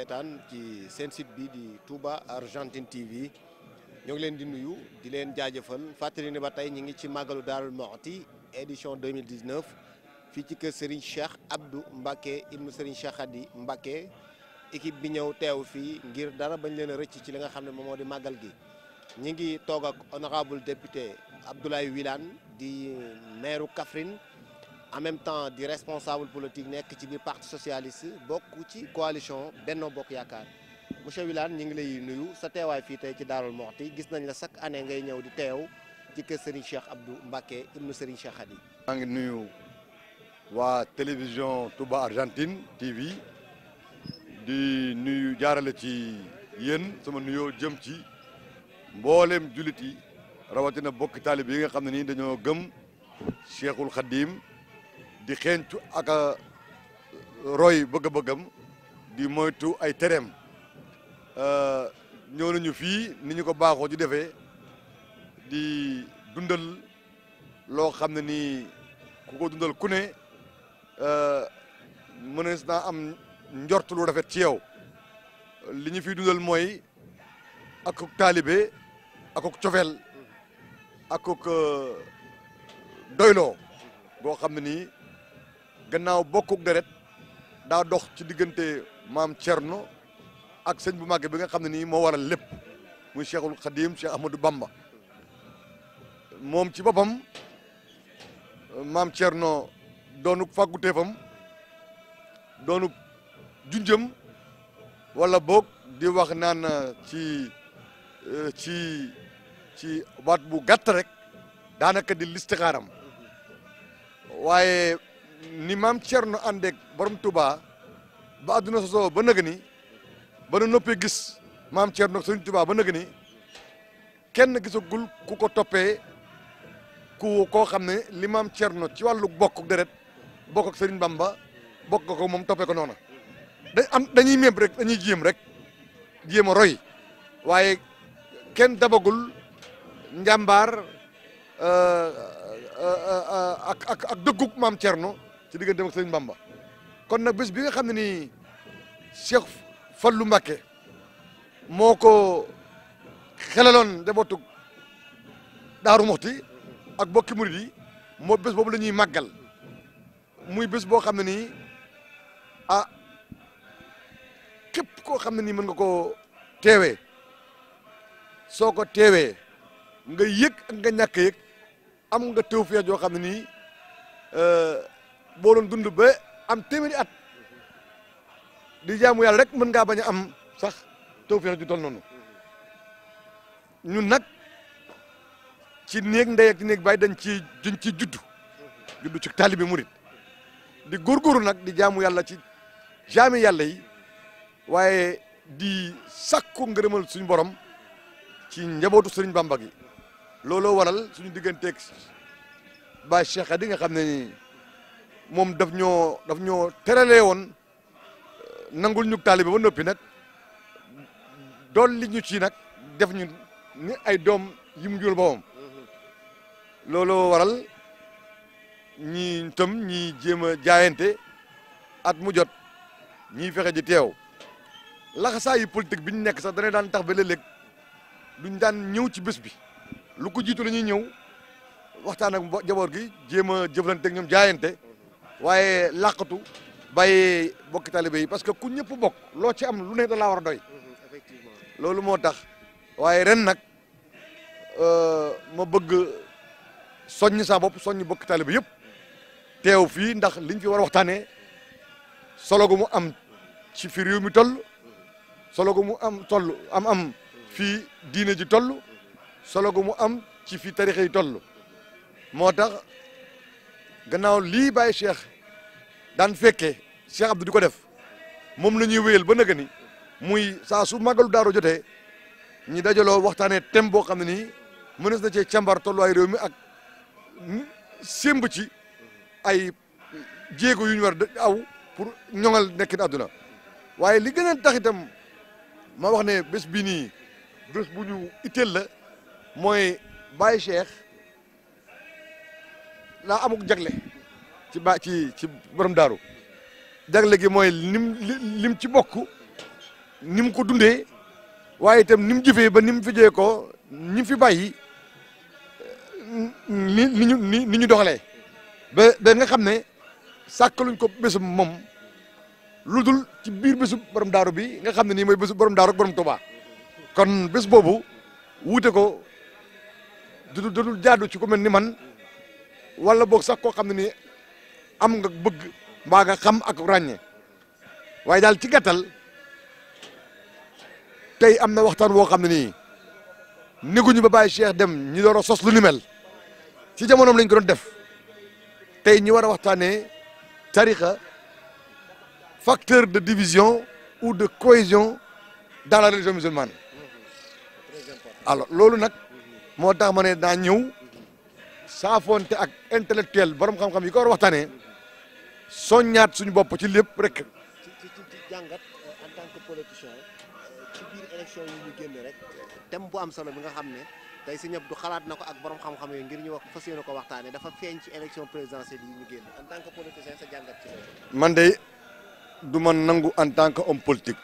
seetaan ci seen site bi di Touba Argentine TV ñoo ngi leen di nuyu di leen jaajëfal fàttali ne ba tey ñu ngi ci màggalu Daarul Muxti édition 2019 fii ci kër Serigne Cheikh Abdou Mbacké ibnu Serigne Cheikh Khady Mbacké équipe bi ñëw teew fii ngir dara bañ leen a rëcc ci li nga xam ne moom moo di màggal gi ñi ngi toog ak honorable député Abdoulaye di maire Kaffrine en même temps di responsable politique nekk ci biir parti socialiste bokk ci coalition Benno Bokk Yaakaar monsieur Wilane ñu ngi lay nuyu sa teewaay fii tey ci Darou Mouhty gis nañ la chaque année ngay ñëw di teew ci kër Serigne Cheikh Abdou Mbacké ibnu Serigne Cheikh Khady. maa ngi nuyu waa télévision Touba Argentine TV di nuyu jaarale ci yéen sama nuyoo jëm ci mbooleem jullit yi rawatina bokki taalib yi nga xam ne nii dañoo gëm Cheikhul Khadim. di xeeñtu ak a roy bëgg-bëggam di moytu ay tereem euh, ñëw nañu fii ni ñu ko baaxoo di defee di dundal loo xam ne nii ku ko dundal ku ne euh, mënees naa am njort lu rafet ci yow li ñu fiy dundal mooy akuk taalibe akuk cofeel akuk euh, doyloo boo xam ne gannaaw bokkuk deret daa dox ci diggante maam Thierno ak sëñ bu màgg bi nga xam ne nii moo waral lépp muy cheikhul xadim cheikh ahmadou bamba moom ci boppam maam Thierno doonuk fàgguteefam doonuk junjëm wala boog di wax naan ci ci ci baat bu gàtt rek daanaka di listixaaram waaye ni maam Thierno àndeeg borom Touba ba àdduna sosoo ba nëgë ni ba nu noppee gis maam Thierno ak Serigne Touba ba nëgë ni kenn gisagul ku ko toppee ku koo xam ne li maam Thierno ci wàllu bokk deret bokk ak mbamba Bamba bokk ko moom toppee ko noona dañ dañuy méb rek dañuy jéem rek jéem a roy waaye kenn dabagul njàmbaar euh, euh, euh, ak ak ak dëggug maam ci digganteem ak Sëriñ Bamba kon nag bés bi nga xam ni nii Cheikh Fallou Mbacké moo ko xelaloon njabootu Daaru Moxti ak bokki murid yi moo bés boobu lañuy ñuy màggal muy bés boo xam ne nii a ah, képp koo xam ne nii mën nga koo teewe soo ko teewee nga yëg nga ñàkk yëg am nga teew fiya joo xam ne nii euh, boo doon dund ba am téeméeri at di jaamu yàlla rek mën ngaa bañ a am sax tawfeex ju tol noonu ñun nag ci néeg ndey ak néeg baay dañ ci dañ ci juddu juddu ci taalibe murit di góorgóorlu nag di jaamu yàlla ci jaami yàlla yi waaye di sakku ngërëmal suñ borom ci njabootu sëriñ Bamba gi looloo waral suñu digganteeg ba Cheikh di nga xam ne moom daf ñoo daf ñoo teralee woon euh, nangul ñu taalibe ba noppi nag dool li ñu ci nag def ñu ni ay doom yi mu jur boppam loolu waral ñi tam ñi jéem a jaayante at mu jot ñiy fexe ji teew laxasaayu politique bi ñu nekk sax dana daan tax ba léeg-léeg duñ daan ñëw ci bis bi lu ko jiitu la ñuy ñëw waxtaan ak njaboot gi jéem a jëflante ak ñoom jaayante waaye làqatu bàyyi bokki talibé yi parce que ku ñëpp bokk loo ci am lu ne da laa war a doy mhm, effectivement loolu moo tax waaye ren nag euh, ma bëgg soññ sa bopp soññ bokki talibé yëpp teew fii ndax liñ fi war a waxtaanee solo gu mu am ci fi réew mi toll solo gu mu am toll am am fii diine ji toll solo gu mu am ci fi tarixa yi toll moo tax gannaaw lii bàyyi cheikh daan fekkee cheikh Abdou di ko def moom la ñuy wéyal ba naga ni muy saa su màggalu daaru jotee ñi dajaloo waxtaanee thème boo xam ne nii mënees na cee càmbar tolluwaay réew mi ak sémb ci ay jéego yu ñu war aw pour ñoŋal nekkin àdduna waaye li gën a tax ma wax ne bés bii nii bés bu ñu itteel la mooy bàyyi cheikh laa amuk jagle ci ba ci ci borom daaru jagle gi mooy nim lim ci bokk ni ko dundee waaye itam ni mu jëfee ba ni fi jee ko ñi fi bàyyi ni ni ñu ni ni ñu doxalee ba ba nga xam ne sàkkaluñ ko bésum moom lu dul ci biir bésu borom daaru bi nga xam ne ni mooy bésu borom daaru ak borom Tuubaa kon bés boobu wuute ko du dul jaadu ci ku mel ni man wala boog sax xam ne nii am nga bëgg mbaa xam ak ràññe waaye daal ci gàttal tey am na waxtaan woo xam ne nii niguñu ba bàyyi Cheikh dem ñi door a sos lu ni ci jamonoom lañ ko doon def tey ñi war a waxtaanee tarixa facteur de division ou de cohésion dans la religion musulmane alors loolu nag moo tax ma daa ñëw saafonte ak intellectuel boroom xam-xam yi ko war a waxtaanee soññaat suñu bopp ci lépp rek. jàngat euh, en tant que politicien euh, yi ñu génn rek dem bu am solo bi nga xam ne tey si ñëpp du xalaat na ko ak borom xam-xam yi ngir ñu wax fas yéene ko waxtaanee dafa feeñ ci élection présidentielle yi ñu génn en tant que politicien sa jàngat ci loolu. man de du ma nangu en tant que homme politique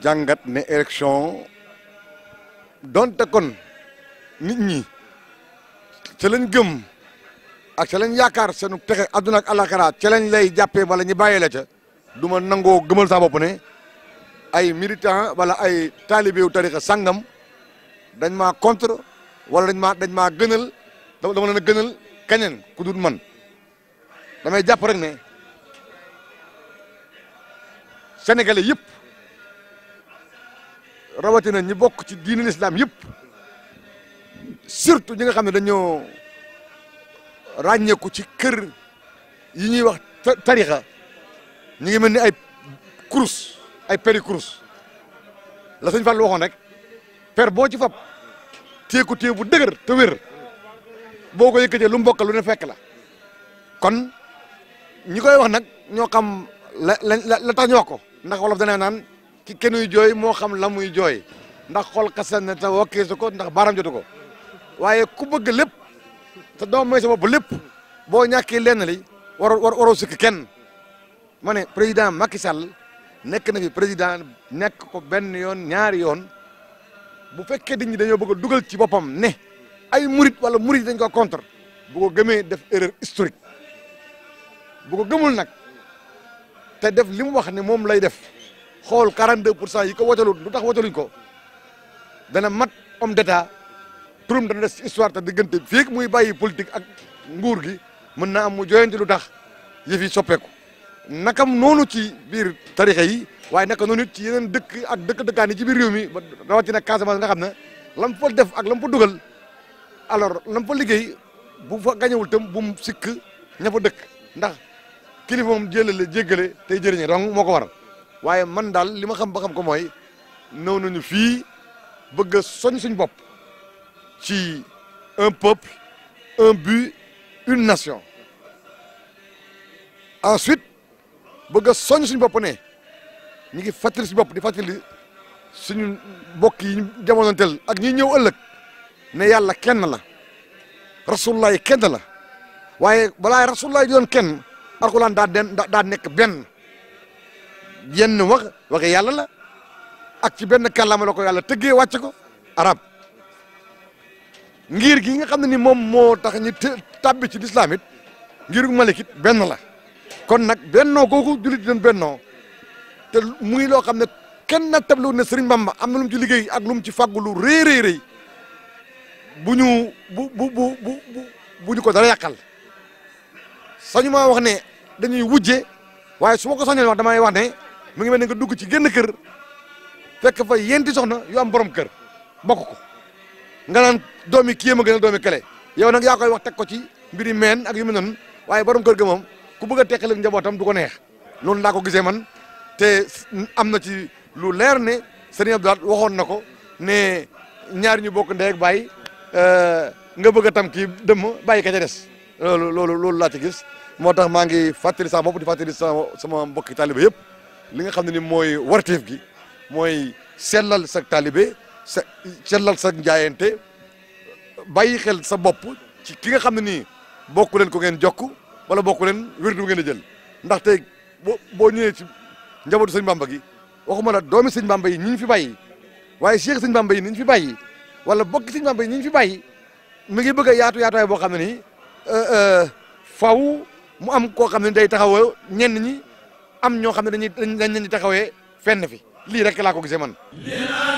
jàngat ne élection donte kon nit ñi. ca lañ gëm ak ca lañ yaakaar seenu texe adduna ak àllaaxira lañ lay jàppee wala ñu bàyyee la ca du gëmal saa bopp ne ay militant wala ay taalibeewu tarixa dañ maa contre wala dañ maa dañ maa gënal dama leen a gënal keneen ku man damay jàpp rek ne sénégalais yëpp rawatina ñi bokk ci diini l'islam yëpp surtout ñi nga xam ne dañoo ràññeeku ci kër yi ñuy wax tarixa ñu ngi mel ni ay kurus ay peri kurus la sëñ Fall waxoon rek per boo ci fab téye ko téye bu dëgër te wér boo ko yëkkatee lu mu lu ne fekk la kon ñu koy wax nag ñoo xam la la la tax ñu wax ko ndax wolof dana naan ki kenuy jooy moo xam la muy jooy ndax xool kasan na te wakkeesu ko ndax baaram jotu ko waaye ku bëgg lépp te doo may sa bopp lépp boo ñàkkee lenn li waroo waroo sukk kenn ma ne président Macky Sall nekk na fi président nekk ko benn yoon ñaari yoon bu fekkee nit ñi dañoo bëgg a dugal ci boppam ne ay murit wala murit dañ ko contre bu ko gëmee def erreur historique bu ko gëmul nag te def li mu wax ne moom lay def xool 42 pour cent yi ko wotalu lu tax wotaluñ ko dana mat homme d'état turam dana des ci histoire te diggante fii muy bàyyi politique ak nguur gi mën na am mu joyanti lu tax yëf yi soppeeku nakam noonu ci biir tarixa yi waaye naka noonu it ci yeneen dëkk ak dëkk dëkkaan ci biir réew mi ba rawatina Casamance nga xam ne lam fa def ak lam fa dugal alors lam fa liggéey bu fa gañewul tam bu mu sikk ña fa dëkk ndax kilifa moom jëlale jéggale tey jëriñe dong moo ko waral waaye man daal li ma xam ba xam ko mooy nëw nañu fii bëgg a soñ suñ bopp ci un peuple un but une nation ensuite bëgg soñ suñu bopp ne ñu ngi fàttali suñu bopp di fàttali suñu mbokk yi ñu jamonoonteel ak ñi ñëw ëllëg ne yàlla kenn la rasulullah yi kenn la waaye balaa rasulullah yi di kenn alxuraan daa den daa nekk benn yenn wax waxe yàlla la ak ci benn kàllaama la ko yàlla tëggee wàcc ko arab ngir gi nga xam ne ni moom moo tax ñu tàbbi ci lislaam it ngir malik it benn la kon nag bennoo googu jullit doon bennoo te muy loo xam ne kenn na tablu ne Serigne Bamba am na lu mu ci liggéey ak lu mu ci fàggu lu rëy rëy rëy bu ñu bu bu bu bu bu ñu ko dara yàqal sañu maa wax ne dañuy wujje waaye su ma ko sañoon wax damay wax ne mu ngi mel ne nga dugg ci génn kër fekk fa yenti soxna yu am borom kër bokk ko nga naan doomi kii ma gën a doomi kale yow nag yaa koy wax teg ko ci mbiri meen ak yu mel noonu waaye borom kër ga moom ku bëgg a teqaleeg njabootam du ko neex noonu laa ko gisee man te am na ci lu leer ne Serigne Abdoulaye waxoon na ko ne ñaar ñu bokk ndey ak baay euh, nga bëgg a tam kii dëmm bàyyi ka ca des loolu loolu loolu laa ci gis moo tax maa ngi fàttali sama bopp di fàttali sama sama mbokki taalibe yëpp li nga xam ne ni mooy warteef gi mooy sellal sa taalibe sa sellal sa njaayante bàyyi xel sa bopp ci ki nga xam ne nii bokku leen ko ngeen jokk wala bokk leen wérdu ngeen a jël ndaxte boo boo ñëwee ci njabootu sëñ bamba gi waxuma la doomi sëñ bamba yi ñi ñu fi bàyyi waaye cheikh sëñ bamba yi ni ñu fi bàyyi wala bokki sëñ bamba yi ñi ñu fi bay mu ngi bëgg yaatu yaatuwaay boo xam ne nii euh, euh, faw mu am koo xam ne day taxaw ñenn ñi am ñoo xam ne dañuy dañ leen di taxawee fenn fi lii rek laa ko gisee